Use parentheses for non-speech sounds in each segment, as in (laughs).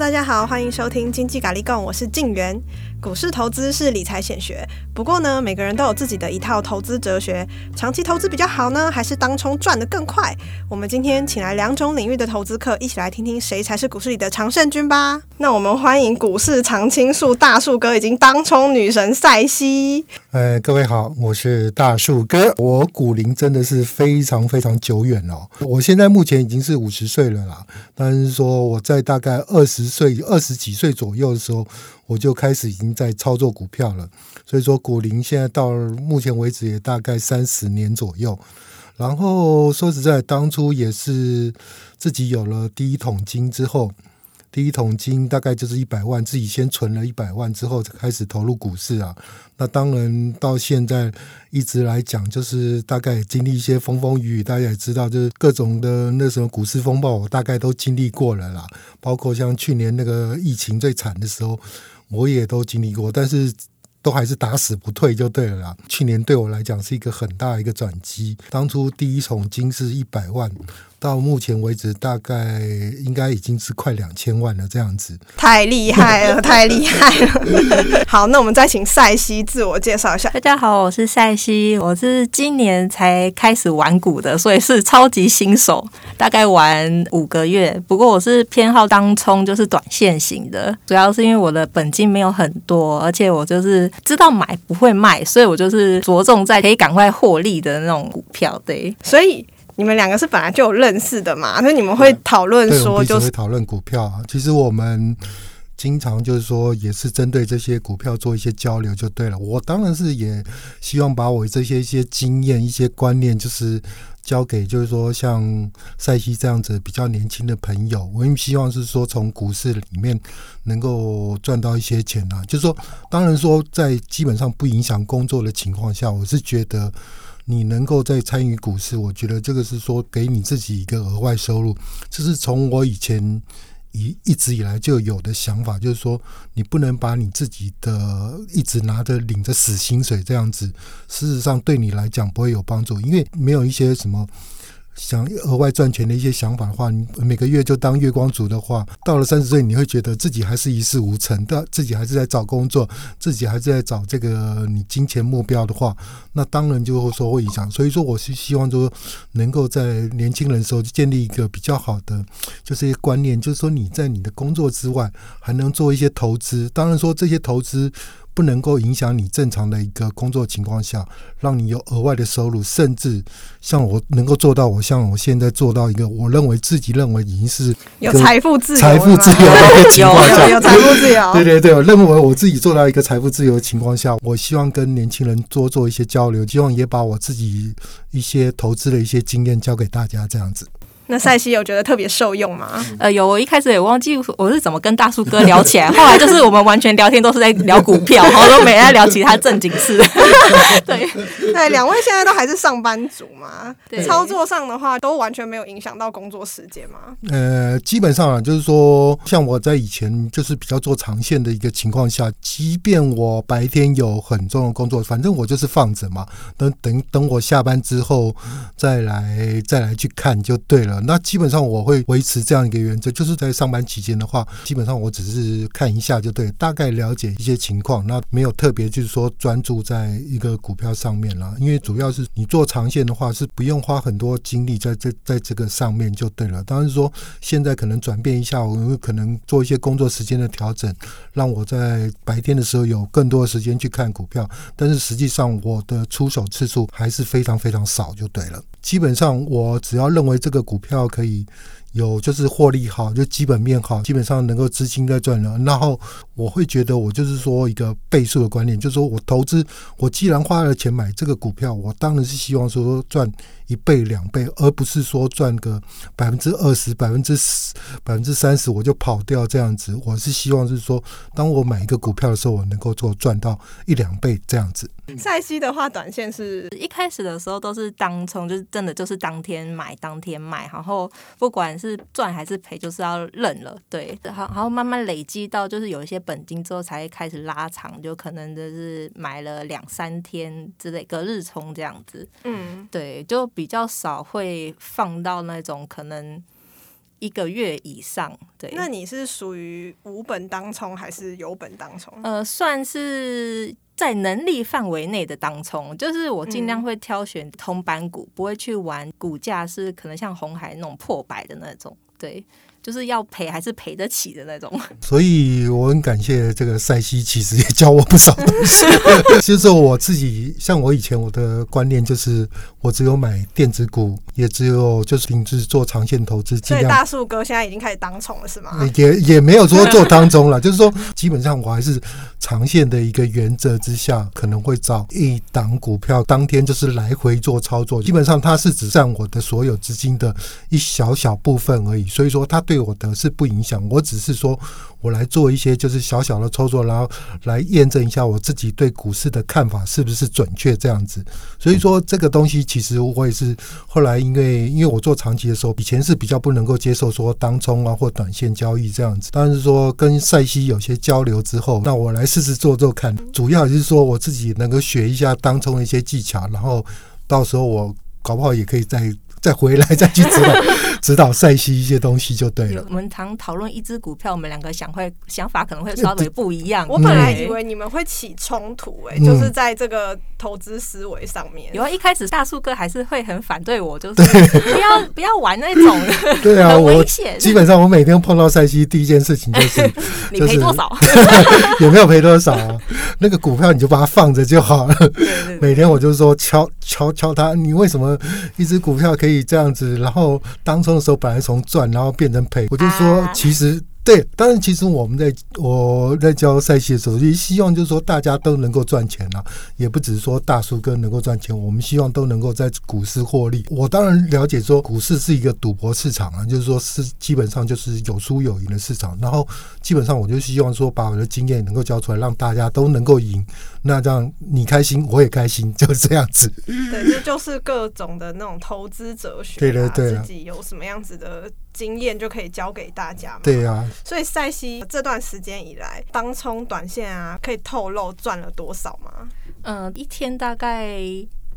大家好，歡迎收聽《經濟咖喱供》，我是靜媛。股市投資是理財顯學，不過呢，每個人都有自己的一套投資哲學。長期投資比較好呢，還是當沖賺得更快？我們今天請來兩種領域的投資客，一起來聽聽誰才是股市裡的常勝軍吧。那我們歡迎股市常青樹大樹哥，以及當沖女神賽西。誒、哎，各位好，我是大樹哥，我股齡真的是非常非常久遠哦。我現在目前已經是五十歲了啦，但是說我在大概二十歲、二十幾歲左右的時候。我就開始已經在操作股票了，所以說股齡現在到目前為止也大概三十年左右。然後說實在，當初也是自己有了第一桶金之後，第一桶金大概就是一百萬，自己先存了一百萬之後才開始投入股市啊。那當然到現在一直來講，就是大概經歷一些風風雨雨，大家也知道，就是各種的那什麼股市風暴，我大概都經歷過了啦。包括像去年那個疫情最慘的時候。我也都經歷過，但是都還是打死不退就對了啦。去年對我來講是一個很大的一個轉機，當初第一桶金是一百萬。到目前為止，大概應該已經是快兩千萬了，這樣子。太厲害了，太厲害了！ (laughs) 好，那我們再請賽西自我介紹一下。大家好，我是賽西，我是今年才開始玩股的，所以是超級新手，大概玩五個月。不過我是偏好當沖，就是短線型的，主要是因為我的本金沒有很多，而且我就是知道買不會賣，所以我就是着重在可以趕快獲利的那種股票，對。所以。你們兩個是本來就有認識的嘛？所以你們會討論說，就是我會討論股票啊。其實我們經常就是說，也是針對這些股票做一些交流就對了。我當然是也希望把我這些一些經驗、一些觀念，就是交給就是說像賽西這樣子比較年輕的朋友。我也希望是說從股市裡面能夠賺到一些錢啊。就是說，當然說在基本上不影響工作的情況下，我是覺得。你能夠再參與股市，我覺得這個是說給你自己一個額外收入。這是從我以前一一直以來就有的想法，就是說你不能把你自己的一直拿着領着死薪水這樣子，事實上對你來講不會有幫助，因為沒有一些什麼。想額外賺錢的一些想法的話，你每個月就當月光族的話，到了三十歲，你會覺得自己還是一事無成，但自己還是在找工作，自己還是在找這個你金錢目標的話，那當然就會說會影響。所以說，我是希望說，能夠在年輕人時候建立一個比較好的，就是一些觀念，就是說你在你的工作之外還能做一些投資。當然說這些投資，不能夠影響你正常的一個工作情況下，讓你有額外的收入，甚至像我能夠做到，我像我現在做到一個，我認為自己認為已經是財有財富自由、財富自由的情況下，有財富自由。 (laughs) 對，對對對，我認為我自己做到一個財富自由的情況下，我希望跟年輕人多做，做一些交流，希望也把我自己一些投資的一些經驗教給大家，這樣子。那賽西有覺得特別受用嗎？呃，有，我一開始也忘記我是怎麼跟大叔哥聊起來。 (laughs) 後來就是我們完全聊天都是在聊股票，我 (laughs) 都沒在聊其他正經事。 (laughs) 對，那兩位現在都還是上班族嘛？對，對操作上的話，都完全沒有影響到工作時間嘛？呃，基本上啊，就是說，像我在以前就是比較做長線的一個情況下，即便我白天有很重要的工作，反正我就是放着嘛，等等等我下班之後再來再來去看就對了。那基本上我會維持這樣一個原則，就是在上班期間的話，基本上我只是看一下就對，大概了解一些情況，那沒有特別就是說專注在一個股票上面了，因為主要是你做長線的話是不用花很多精力在這在，在這個上面就對了。當然說現在可能轉變一下，我可能做一些工作時間的調整，讓我在白天的時候有更多的時間去看股票，但是實際上我的出手次數還是非常非常少就對了。基本上我只要認為這個股票。票可以有，就是獲利好，就基本面好，基本上能夠資金在賺了。然後我會覺得，我就是說一個倍數的觀點，就是說我投資，我既然花了錢買這個股票，我當然是希望說賺。一倍兩倍，而不是說賺個百分之二十、百分之十、百分之三十我就跑掉這樣子。我是希望是說，當我買一個股票的時候，我能夠做賺到一兩倍這樣子。賽西的話，短線是一開始的時候都是當衝，就是真的就是當天買當天賣，然後不管是賺還是賠，就是要認了。對，然後然後慢慢累積到就是有一些本金之後，才開始拉長，就可能就是買了兩三天之類，隔日衝這樣子。嗯，對，就。比較少會放到那種可能一個月以上，對。那你是屬於無本當沖還是有本當沖？呃，算是在能力範圍內的當沖，就是我儘量會挑選銅板股，嗯、不會去玩股價是可能像紅海那種破百的那種。對，就是要賠還是賠得起的那種。所以我很感謝這個賽西，其實也教我不少東西。 (laughs) 就是說我自己，像我以前我的觀念就是，我只有買電子股，也只有就是停止做長線投資。這樣。所以大樹哥現在已經開始當寵當沖了，是嗎？也也沒有說做當中當沖了，就是說基本上我還是長線的一個原則之下，可能會找一檔股票，當天就是來回做操作。基本上它是只占我的所有資金的一小小部分而已。所以說，他對我的是不影響。我只是說，我來做一些就是小小的操作，然後來驗證一下我自己對股市的看法是不是準確這樣子。所以說，這個東西其實我也是後來，因為因為我做長期的時候，以前是比較不能夠接受說當沖啊或短線交易這樣子。但是說跟賽西有些交流之後，那我來試試做做看。主要就是說我自己能夠學一下當沖的一些技巧，然後到時候我搞不好也可以再再回來再去指導。指導賽西一些東西就對了。對我們常討論一隻股票，我們兩個想會想法可能會稍微不一樣。我本來以為你們會起衝突，欸，嗯、就是在這個投資思維上面。因為一開始大樹哥還是會很反對我，就是不要對不要玩那種很危險，對啊，我基本上我每天碰到賽西第一件事情就是， (laughs) 你賠多少？有 (laughs) 沒有賠多少，啊？那個股票你就把它放着就好了。對對對，每天我就說敲敲敲他，你為什麼一隻股票可以這樣子？然後當初。那時候本來從賺，然後變成賠，我就說其實。啊對，當然，其實我們在我在教賽西的時候，就希望就是說大家都能夠賺錢啊。也不只是說大叔哥能夠賺錢，我們希望都能夠在股市獲利。我當然了解說股市是一個賭博市場啊，就是說是基本上就是有輸有贏的市場。然後基本上我就希望說把我的經驗能夠教出來，讓大家都能夠贏。那這樣你開心，我也開心，就是這樣子。對，這就是各種的那種投資哲學啊，對對對啊，自己有什麼樣子的。經驗就可以教給大家嘛。對啊，所以賽西這段時間以來，當沖短線啊，可以透露賺了多少嗎？嗯、呃，一天大概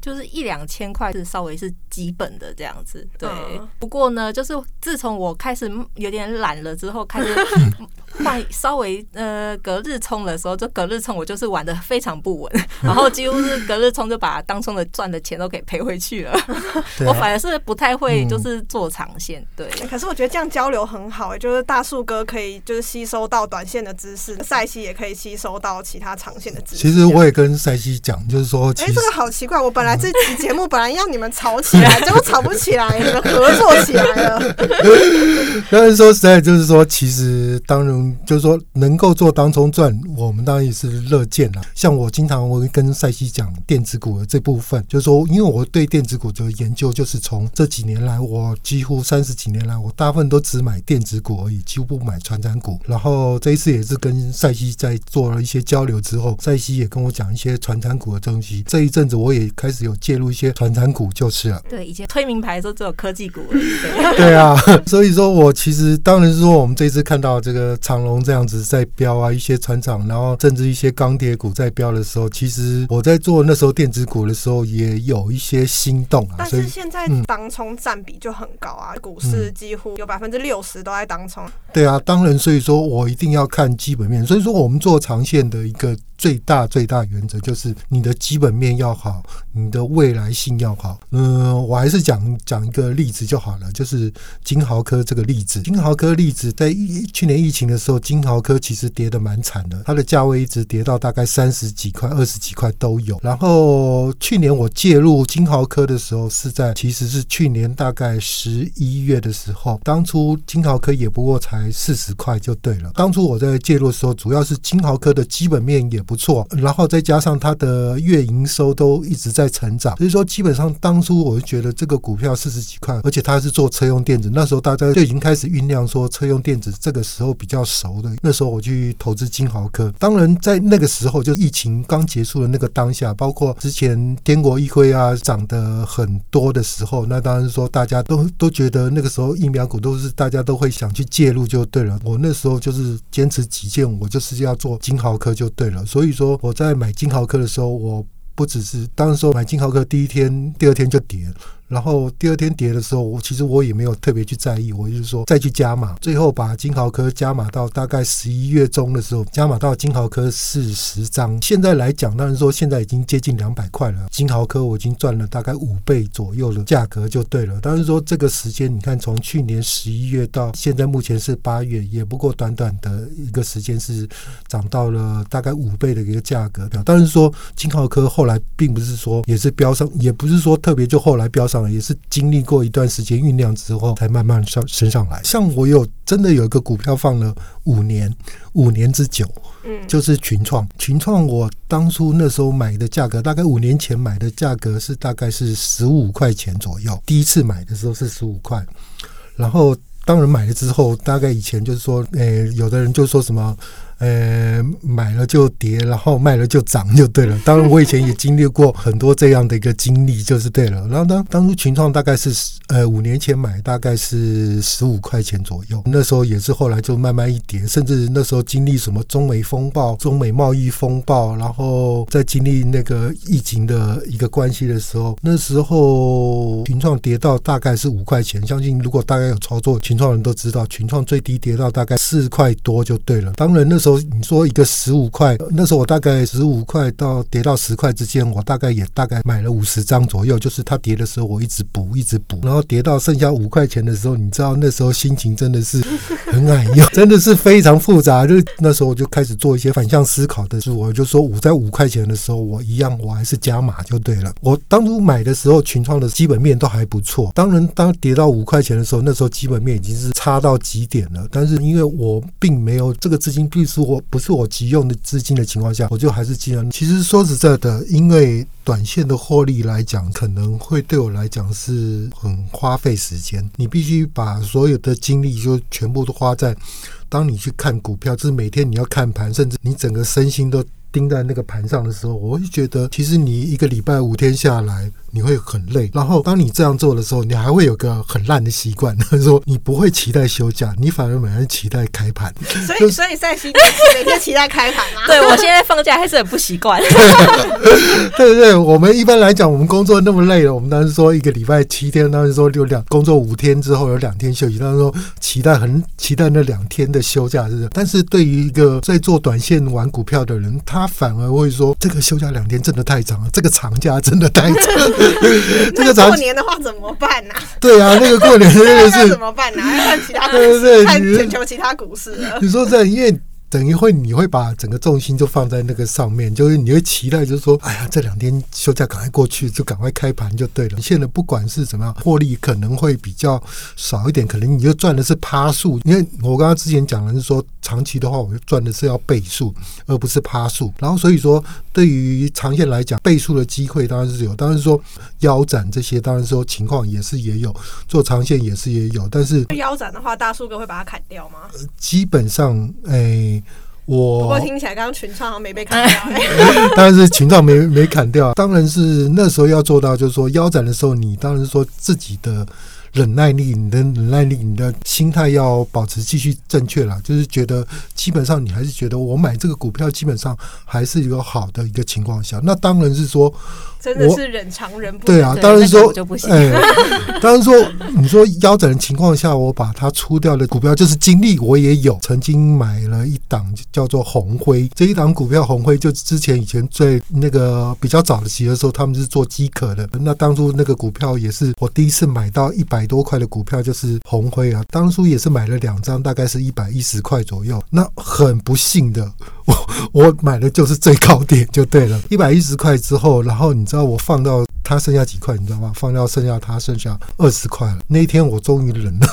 就是一兩千塊，是稍微是基本的這樣子。對，嗯、不過呢，就是自從我開始有點懶了之後，開始。 (laughs) (laughs) 換稍微呃隔日沖的時候，就隔日沖，我就是玩得非常不穩，然後幾乎是隔日沖就把當沖的賺的錢都給賠回去了。 (laughs) 我反而是不太會，就是做長線。對、嗯，可是我覺得這樣交流很好、欸，哎，就是大樹哥可以就是吸收到短線的知識，賽西也可以吸收到其他長線的知識。其實我也跟賽西講，就是說，哎，欸、這個好奇怪，我本來這期節目本來要你們吵起來， (laughs) 結果吵不起來，你們合作起來了。 (laughs) (laughs) 但是說實在，就是說，其實當人。就是說，能夠做當沖賺，我們當然也是樂見了。像我經常會跟賽西講電子股的這部分，就是說，因為我對電子股的研究，就是從這幾年來，我幾乎三十幾年來，我大部分都只買電子股而已，幾乎不買傳產股。然後這一次也是跟賽西在做了一些交流之後，賽西也跟我講一些傳產股的東西。這一陣子我也開始有介入一些傳產股，就是了。對，以前推名牌說只有科技股對， (laughs) 對啊，所以說我其實當然是說，我們這一次看到這個長。長龍這樣子在飆啊，一些船廠，然後甚至一些鋼鐵股在飆的時候，其實我在做那時候電子股的時候，也有一些心動啊。嗯、但是現在當沖占比就很高啊，股市幾乎有百分之六十都在當沖、嗯。對啊，當然，所以說我一定要看基本面。所以說我們做長線的一個最大最大原則就是你的基本面要好，你的未來性要好。嗯，我還是講講一個例子就好了，就是金豪科這個例子。金豪科例子在去年疫情的時候，的時候金豪科其實跌的蠻慘的，它的價位一直跌到大概三十幾塊、二十幾塊都有。然後去年我介入金豪科的時候是在，其實是去年大概十一月的時候，當初金豪科也不過才四十塊就對了。當初我在介入的時候，主要是金豪科的基本面也不錯，然後再加上它的月營收都一直在成長，所以說基本上當初我就覺得這個股票四十幾塊，而且它是做車用電子，那時候大家就已經開始醞釀說車用電子這個時候比較。熟的，那時候我去投資金豪科，當然在那個時候就疫情剛結束的那個當下，包括之前天國一輝啊漲得很多的時候，那當然說大家都都覺得那個時候疫苗股都是大家都會想去介入就對了。我那時候就是堅持己見，我就是要做金豪科就對了。所以說我在買金豪科的時候，我不只是當時候買金豪科第一天、第二天就跌。然後第二天跌的時候，我其實我也沒有特別去在意，我就是說再去加碼，最後把金豪科加碼到大概十一月中的時候，加碼到金豪科四十張。現在來講，當然說現在已經接近兩百塊了，金豪科我已經賺了大概五倍左右的價格就對了。當然說這個時間，你看從去年十一月到現在目前是八月，也不過短短的一個時間是漲到了大概五倍的一個價格表。當然說金豪科後來並不是說也是飆升，也不是說特別就後來飆升。也是經歷過一段時間醞釀之後，才慢慢上升上來。像我有真的有一個股票放了五年，五年之久，嗯，就是群創。群創我當初那時候買的價格，大概五年前買的價格是大概是十五塊錢左右。第一次買的時候是十五塊，然後當然買了之後，大概以前就是說，誒，有的人就說什麼。呃，買了就跌，然後賣了就漲，就對了。當然，我以前也經歷過很多這樣的一個經歷，就是對了。然後當當初群創大概是呃五年前買，大概是十五塊錢左右，那時候也是後來就慢慢一跌，甚至那時候經歷什麼中美風暴、中美貿易風暴，然後再經歷那個疫情的一個關係的時候，那時候群創跌到大概是五塊錢。相信如果大家有操作群創人都知道，群創最低跌到大概四塊多就對了。當然那時。說你說一個十五塊，那時候我大概十五塊到跌到十塊之間，我大概也大概買了五十張左右。就是他跌的時候，我一直補，一直補，然後跌到剩下五塊錢的時候，你知道那時候心情真的是很矮喲， (laughs) 真的是非常複雜。就是、那時候我就開始做一些反向思考的時候，我就說，我在五塊錢的時候，我一樣我還是加碼就對了。我當初買的時候，群創的基本面都還不錯。當然，當跌到五塊錢的時候，那時候基本面已經是差到極點了。但是因為我並沒有這個資金必須。如果不是我急用的資金的情況下，我就還是儘量。其實說實在的，因為短線的獲利來講，可能會對我來講是很花費時間。你必須把所有的精力就全部都花在，當你去看股票，就是每天你要看盤，甚至你整個身心都。盯在那個盤上的時候，我會覺得，其實你一個禮拜五天下來，你會很累。然後，當你這樣做的時候，你還會有個很爛的習慣，他、就是、說：“你不會期待休假，你反而每天期待開盤。”所以，就所以你現在每天期待開盤嗎、啊？ (laughs) 對我現在放假還是很不習慣。 (laughs) 對對對，我們一般來講，我們工作那麼累了，我們當時說一個禮拜七天，當時說有兩工作五天之後有兩天休息，當時說期待很期待那兩天的休假，是，不是。但是，對於一個在做短線玩股票的人，他。他反而會說這個休假兩天真的太長了，這個長假真的太長了。這個 (laughs) 過年的話怎麼辦呢、啊？對啊，那個過年是怎麼辦呢、啊？要看其他，對對 (laughs) 對，看全球其他股市你。你說這樣，因為等於會你會把整個重心就放在那個上面，就是你會期待，就是說，哎呀，這兩天休假趕快過去，就趕快開盤就對了。你現在不管是怎麼樣，獲利可能會比較少一點，可能你就賺的是趴數。因為我剛剛之前講的是說。長期的話，我就賺的是要倍數，而不是趴數。然後所以說，對於長線來講，倍數的機會當然是有，當然說腰斬這些，當然說情況也是也有，做長線也是也有。但是腰斬的話，大樹哥會把它砍掉嗎？基本上，哎，我不過聽起來剛剛群創好像沒被砍掉。但是群創沒沒砍掉、啊，當然是那時候要做到，就是說腰斬的時候，你當然是說自己的。忍耐力，你的忍耐力，你的心態要保持繼續正確了。就是覺得基本上你還是覺得我買這個股票基本上還是一個好的一個情況下，那當然是說我，真的是忍常人，人不對啊，當然說、那個欸、當然說你說腰斬的情況下，我把它出掉的股票就是精力。我也有曾經買了一檔叫做閎暉這一檔股票，閎暉就之前以前最那個比較早的期的時候，他們是做機殼的，那當初那個股票也是我第一次買到一百。多塊的股票就是紅灰啊，當初也是買了兩張，大概是一百一十塊左右。那很不幸的，我我買的就是最高點，就對了，一百一十塊之後，然後你知道我放到它剩下幾塊，你知道嗎？放到剩下它剩下二十塊了。那天我終於忍了，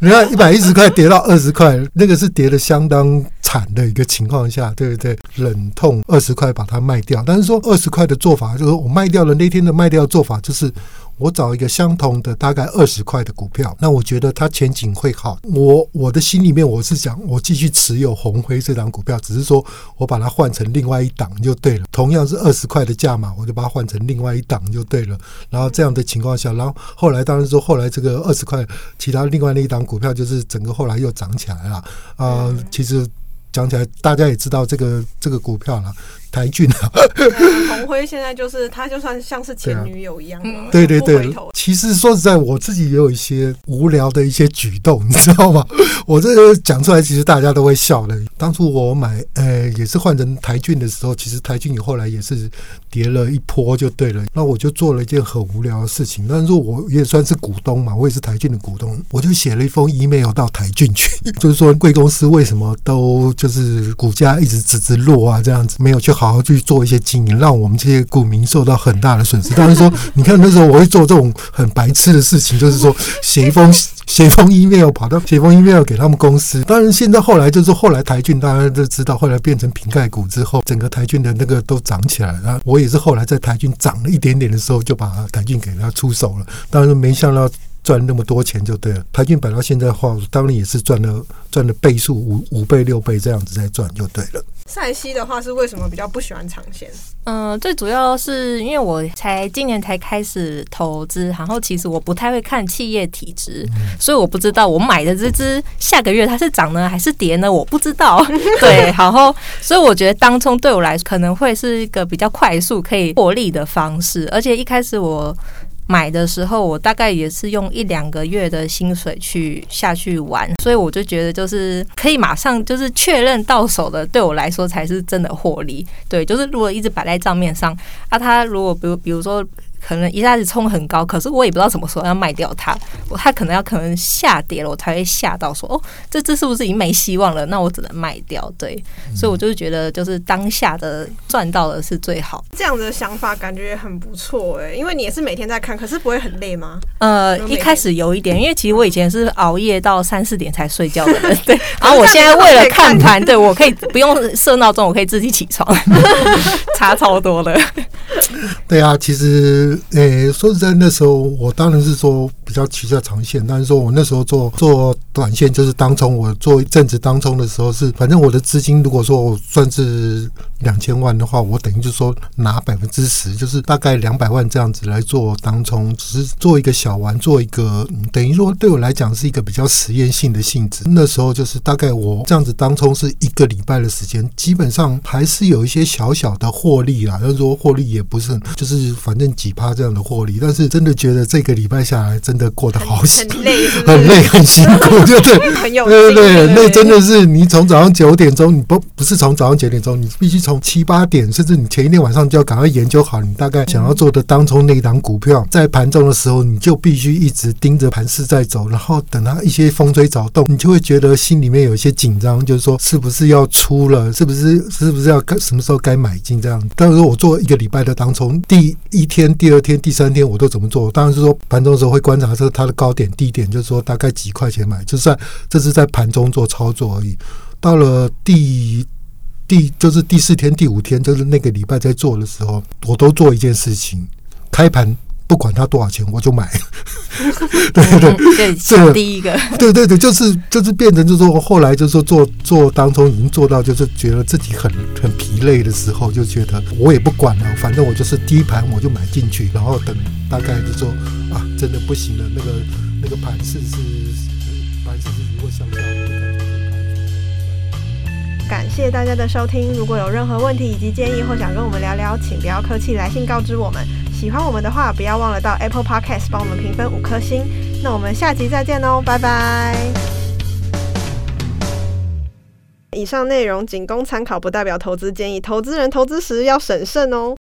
你看一百一十塊跌到二十塊，那個是跌得相當慘的一個情況下，對不對？忍痛二十塊把它賣掉，但是說二十塊的做法就是我賣掉了。那天的賣掉做法就是。我找一個相同的大概二十塊的股票，那我覺得它前景會好。我我的心裡面我是想，我繼續持有紅灰這檔股票，只是說我把它換成另外一檔就對了。同樣是二十塊的價碼，我就把它換成另外一檔就對了。然後這樣的情況下，然後後來當然說，後來這個二十塊其他另外那一檔股票就是整個後來又漲起來了。啊、呃，其實講起來大家也知道這個這個股票了。台郡啊、嗯，洪輝現在就是他，就算像是前女友一樣對，啊、對對對，其實說實在，我自己也有一些無聊的一些舉動，你知道嗎？ (laughs) 我這個講出來，其實大家都會笑的。當初我買，呃，也是換成台郡的時候，其實台郡也後來也是跌了一波，就對了。那我就做了一件很無聊的事情，但是我也算是股東嘛，我也是台郡的股東，我就寫了一封 email 到台郡去，就是說貴公司為什麼都就是股價一直直直落啊，這樣子沒有去好。好好去做一些經營，讓我們這些股民受到很大的損失。當然說，你看那時候我會做這種很白痴的事情，就是說寫一封寫一封 email 跑到寫一封 email 給他們公司。當然現在後來就是後來台郡大家都知道，後來變成蘋概股之後，整個台郡的那個都漲起來了。我也是後來在台郡漲了一點點的時候，就把台郡給他出手了。當然沒想到賺那麼多錢就對了。台郡擺到現在的話，當然也是賺了賺的倍數五五倍六倍這樣子在賺就對了。賽西的話是為什麼比較不喜歡長線？嗯，最主要是因為我才今年才開始投資，然後其實我不太會看企業體質，嗯、所以我不知道我買的這隻下個月它是漲呢還是跌呢？我不知道。 (laughs) 對，然後所以我覺得當沖對我來說可能會是一個比較快速可以獲利的方式，而且一開始我。買的時候，我大概也是用一兩個月的薪水去下去玩，所以我就覺得就是可以馬上就是確認到手的，對我來說才是真的獲利。對，就是如果一直擺在賬面上，啊，他如果比如比如說。可能一下子衝很高，可是我也不知道什麼時候要賣掉它，我它可能要可能下跌了，我才會嚇到說哦，這只是不是已經沒希望了？那我只能賣掉。對，嗯、所以我就是覺得，就是當下的賺到的是最好。這樣子的想法感覺很不錯哎、欸，因為你也是每天在看，可是不會很累嗎？呃，一開始有一點，嗯、因為其實我以前是熬夜到三四點才睡覺的人，對。 (laughs) 然後我現在為了看盤， (laughs) 對我可以不用設鬧鐘，我可以自己起床， (laughs) 差超多了。對啊，其實。誒、欸，說實在，那時候我當然是說比較取下長線，但是說我那時候做做短線，就是當衝。我做一陣子當衝的時候是，反正我的資金如果說我算是兩千萬的話，我等於就說拿百分之十，就是大概兩百萬這樣子來做當衝，只是做一個小玩，做一個、嗯、等於說對我來講是一個比較實驗性的性質。那時候就是大概我這樣子當衝是一個禮拜的時間，基本上還是有一些小小的獲利啊，但、就是說獲利也不是很，就是反正幾趴。他這樣的獲利，但是真的覺得這個禮拜下來真的過得好辛很，很累是是很累很辛苦， (laughs) 就是對，對對對，那真的是你從早上九點鐘，你不不是從早上九點鐘，你必須從七八點，甚至你前一天晚上就要趕快研究好你大概想要做的當沖那一檔股票，嗯、在盤中的時候你就必須一直盯着盤勢在走，然後等它一些風吹草動，你就會覺得心裡面有些緊張，就是說是不是要出了，是不是是不是要什麼時候該買進這樣。但是我做一個禮拜的當沖，第一天、第二天。二第二天、第三天我都怎麼做？當然是說盤中的時候會觀察這是它的高點、低點，就是說大概幾塊錢買，就算這是在盤中做操作而已。到了第第就是第四天、第五天，就是那個禮拜在做的時候，我都做一件事情：開盤。不管它多少錢，我就買。對對對，這第一個。對對對，就是就是變成就是說我後來就是說做做當中，已經做到就是覺得自己很很疲累的時候，就覺得我也不管了，反正我就是第一盤我就買進去，然後等大概就說啊，真的不行了，那個那個盤是是盤是是越過香蕉。謝謝大家的收聽。如果有任何問題以及建議，或想跟我們聊聊，請不要客氣，來信告知我們。喜歡我們的話，不要忘了到 Apple Podcast 幫我們評分五顆星。那我們下集再見哦，拜拜。以上內容僅供參考，不代表投資建議。投資人投資時要審慎哦。